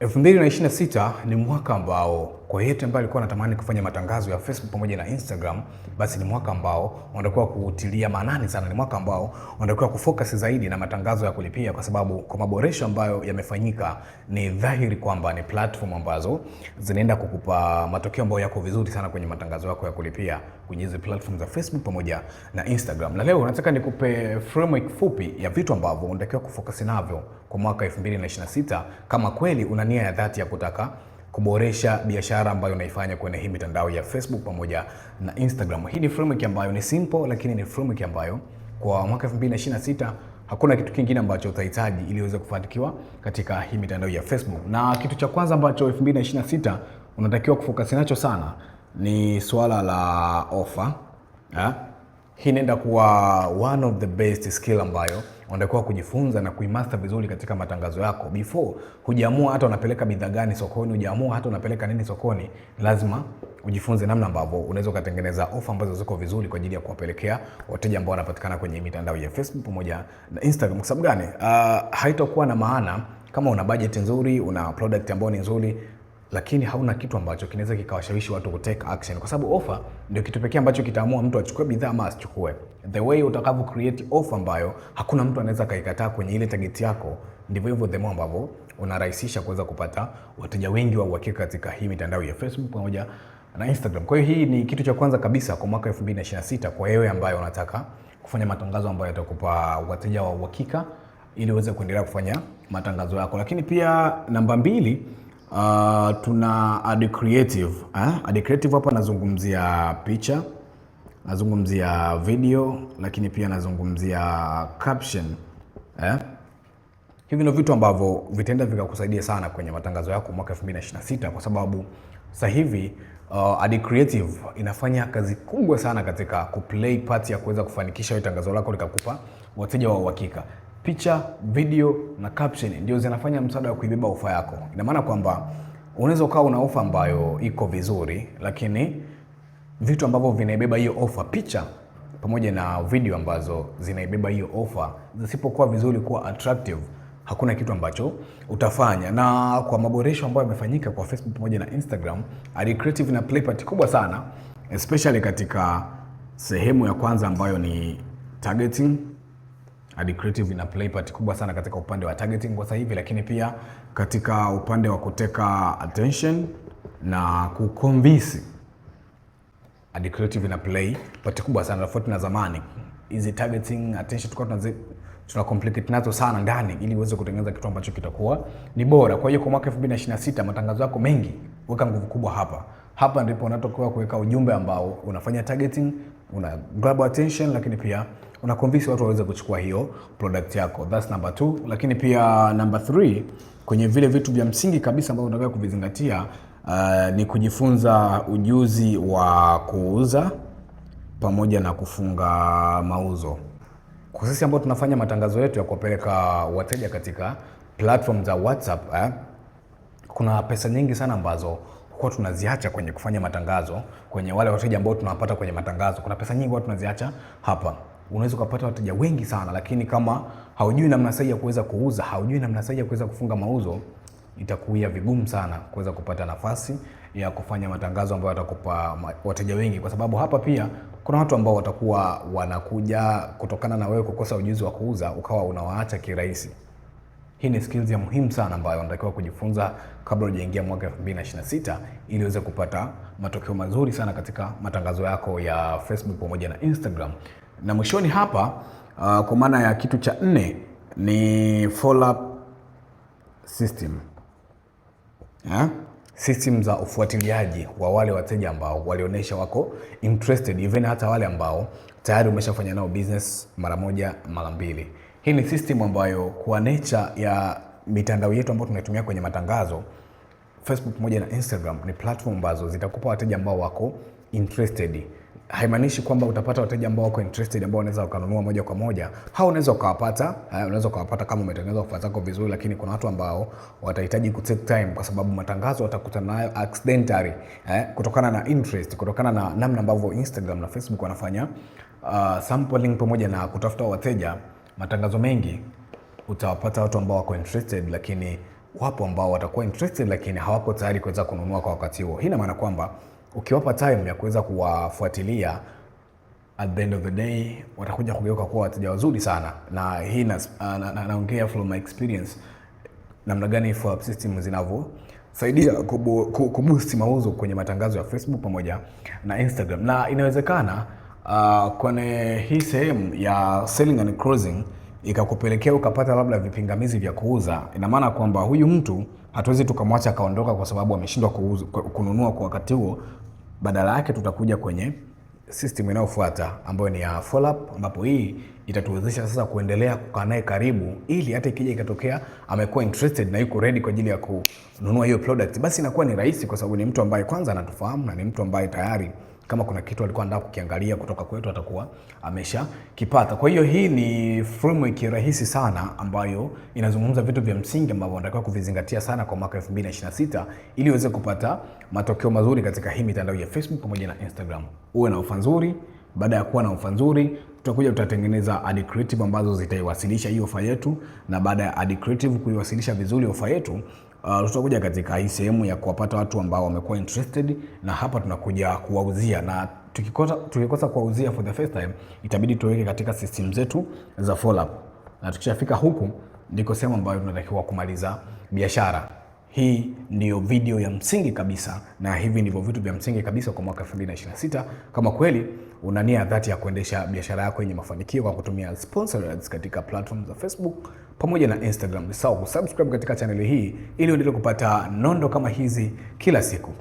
2026 ni mwaka ambao kwa yeyote ambaye alikuwa anatamani kufanya matangazo ya Facebook pamoja na Instagram, basi ni mwaka ambao unatakiwa kuutilia maanani sana, ni mwaka ambao unatakiwa kufocus zaidi na matangazo ya kulipia, kwa sababu kwa maboresho ambayo yamefanyika, ni dhahiri kwamba ni platform ambazo zinaenda kukupa matokeo ambayo yako vizuri sana kwenye matangazo yako ya kulipia kwenye hizi platform za Facebook pamoja na Instagram. Na leo nataka nikupe framework fupi ya vitu ambavyo unatakiwa kufocus navyo kwa mwaka 2026 kama kweli una nia ya dhati ya kutaka kuboresha biashara ambayo unaifanya kwenye hii mitandao ya Facebook pamoja na Instagram. Hii ni framework ambayo ni simple, lakini ni framework ambayo kwa mwaka 2026 hakuna kitu kingine ambacho utahitaji ili uweze kufanikiwa katika hii mitandao ya Facebook. Na kitu cha kwanza ambacho 2026 unatakiwa kufokasi nacho sana ni swala la ha? Eh? hii inaenda kuwa one of the best skill ambayo unatakiwa kujifunza na kuimaster vizuri katika matangazo yako. Before hujaamua hata unapeleka bidhaa gani sokoni, hujaamua hata unapeleka nini sokoni, lazima ujifunze namna ambavyo unaweza ukatengeneza ofa ambazo ziko vizuri kwa ajili ya kuwapelekea wateja ambao wanapatikana kwenye mitandao ya Facebook pamoja na Instagram. Kwa sababu gani? Uh, haitokuwa na maana kama una budget nzuri, una product ambayo ni nzuri lakini hauna kitu ambacho kinaweza kikawashawishi watu ku take action, kwa sababu offer ndio kitu pekee ambacho kitaamua mtu achukue bidhaa ama asichukue. The way utakavyo create offer ambayo hakuna mtu anaweza kaikataa kwenye ile target yako, ndivyo hivyo the more ambavyo unarahisisha kuweza kupata wateja wengi wa uhakika katika hii mitandao ya Facebook pamoja na Instagram. Kwa hiyo hii ni kitu cha kwanza kabisa kwa mwaka 2026 kwa wewe ambayo unataka kufanya matangazo ambayo yatakupa wateja wa uhakika ili uweze kuendelea kufanya matangazo yako. Lakini pia namba mbili Uh, tuna ad creative eh? Ad creative hapa nazungumzia picha, nazungumzia video, lakini pia nazungumzia caption eh? Hivi ndio vitu ambavyo vitaenda vikakusaidia sana kwenye matangazo yako mwaka 2026 kwa sababu sasa hivi uh, ad creative inafanya kazi kubwa sana katika kuplay part ya kuweza kufanikisha tangazo lako likakupa wateja wa uhakika picha, video na caption ndio zinafanya msaada wa kuibeba ofa yako. Ina maana kwamba unaweza ukawa una ofa ambayo iko vizuri, lakini vitu ambavyo vinaibeba hiyo ofa, picha pamoja na video ambazo zinaibeba hiyo ofa, zisipokuwa vizuri, kuwa attractive hakuna kitu ambacho utafanya. Na kwa maboresho ambayo yamefanyika kwa Facebook pamoja na Instagram, ali creative na playpart kubwa sana especially katika sehemu ya kwanza ambayo ni targeting Ad Creative ina play part kubwa sana katika upande wa targeting kwa sasa hivi, lakini pia katika upande wa kuteka attention na kuconvince. Ad Creative ina play part kubwa sana tofauti na zamani. Hizi targeting attention tulikuwa tuna complicate nazo sana ndani, ili uweze kutengeneza kitu ambacho kitakuwa ni bora. Kwa hiyo kwa mwaka 2026 matangazo yako mengi, weka nguvu kubwa hapa. Hapa ndipo unatokewa kuweka ujumbe ambao unafanya targeting, una grab attention, lakini pia una convince watu waweze kuchukua hiyo product yako. That's number two. Lakini pia number three, kwenye vile vitu vya msingi kabisa ambavyo unataka kuvizingatia uh, ni kujifunza ujuzi wa kuuza pamoja na kufunga mauzo. Kwa sisi ambao tunafanya matangazo yetu ya kuwapeleka wateja katika platform za WhatsApp eh, kuna pesa nyingi sana ambazo kwa tunaziacha kwenye kufanya matangazo, kwenye wale wateja ambao tunawapata kwenye matangazo, kuna pesa nyingi watu tunaziacha hapa unaweza ukapata wateja wengi sana, lakini kama haujui namna sahihi ya kuweza kuuza, haujui namna sahihi ya kuweza kufunga mauzo, itakuwa vigumu sana kuweza kupata nafasi ya kufanya matangazo ambayo watakupa wateja wengi, kwa sababu hapa pia kuna watu ambao watakuwa wanakuja kutokana na wewe kukosa ujuzi wa kuuza, ukawa unawaacha kirahisi. Hii ni skills ya muhimu sana ambayo unatakiwa kujifunza kabla hujaingia mwaka 2026 ili uweze kupata matokeo mazuri sana katika matangazo yako ya Facebook pamoja na Instagram. Na mwishoni hapa uh, kwa maana ya kitu cha nne ni follow up system yeah? System za ufuatiliaji wa wale wateja ambao walionyesha wako interested even hata wale ambao tayari umeshafanya nao business mara moja mara mbili. Hii ni system ambayo kwa nature ya mitandao yetu ambayo tunatumia kwenye matangazo, Facebook pamoja na Instagram ni platform ambazo zitakupa wateja ambao wako interested haimaanishi kwamba utapata wateja ambao wako interested ambao wanaweza wakanunua moja kwa moja. Hao unaweza ukawapata, unaweza ukawapata kama umetengeneza ofa zako vizuri, lakini kuna watu ambao watahitaji ku take time, kwa sababu matangazo watakutana nayo accidentally, eh, kutokana na interest, kutokana na namna ambavyo Instagram na Facebook wanafanya uh, sampling pamoja na kutafuta wateja. Matangazo mengi utawapata watu ambao wako interested, lakini wapo ambao watakuwa interested, lakini hawako tayari kuweza kununua kwa wakati huo. Hii ina maana kwamba ukiwapa time ya kuweza kuwafuatilia at the end of the day watakuja kugeuka kuwa wateja wazuri sana, na hii naongea na, na, na from my experience namna gani follow up system zinavyosaidia kuboost mauzo kwenye matangazo ya Facebook pamoja na Instagram, na inawezekana uh, kwenye hii sehemu ya selling and closing ikakupelekea ukapata labda vipingamizi vya kuuza, ina maana kwamba huyu mtu hatuwezi tukamwacha akaondoka kwa sababu ameshindwa kununua kwa wakati huo. Badala yake tutakuja kwenye system inayofuata ambayo ni ya follow up, ambapo hii itatuwezesha sasa kuendelea kukaa naye karibu, ili hata ikija ikatokea amekuwa interested na yuko ready kwa ajili ya kununua hiyo product, basi inakuwa ni rahisi, kwa sababu ni mtu ambaye kwanza anatufahamu na ni mtu ambaye tayari kama kuna kitu alikuwa anataka kukiangalia kutoka kwetu atakuwa amesha kipata. Kwa hiyo hii ni framework rahisi sana ambayo inazungumza vitu vya msingi ambavyo unatakiwa kuvizingatia sana kwa mwaka 2026 ili uweze kupata matokeo mazuri katika hii mitandao ya Facebook pamoja na Instagram. Uwe na ofa nzuri. Baada ya kuwa na ofa nzuri, tutakuja tutatengeneza ad creative ambazo zitaiwasilisha hii ofa yetu, na baada ya ad creative kuiwasilisha vizuri ofa yetu, uh, tutakuja katika hii sehemu ya kuwapata watu ambao wamekuwa interested, na hapa tunakuja kuwauzia na tukikosa, tukikosa kuwauzia for the first time, itabidi tuweke katika system zetu za follow up, na tukishafika huku ndiko sehemu ambayo tunatakiwa kumaliza biashara. Hii ndiyo video ya msingi kabisa, na hivi ndivyo vitu vya msingi kabisa kwa mwaka 2026 kama kweli una nia dhati ya kuendesha biashara yako yenye mafanikio kwa kutumia sponsored ads katika platform za Facebook pamoja na Instagram. Usisahau kusubscribe katika chaneli hii ili uendelee kupata nondo kama hizi kila siku.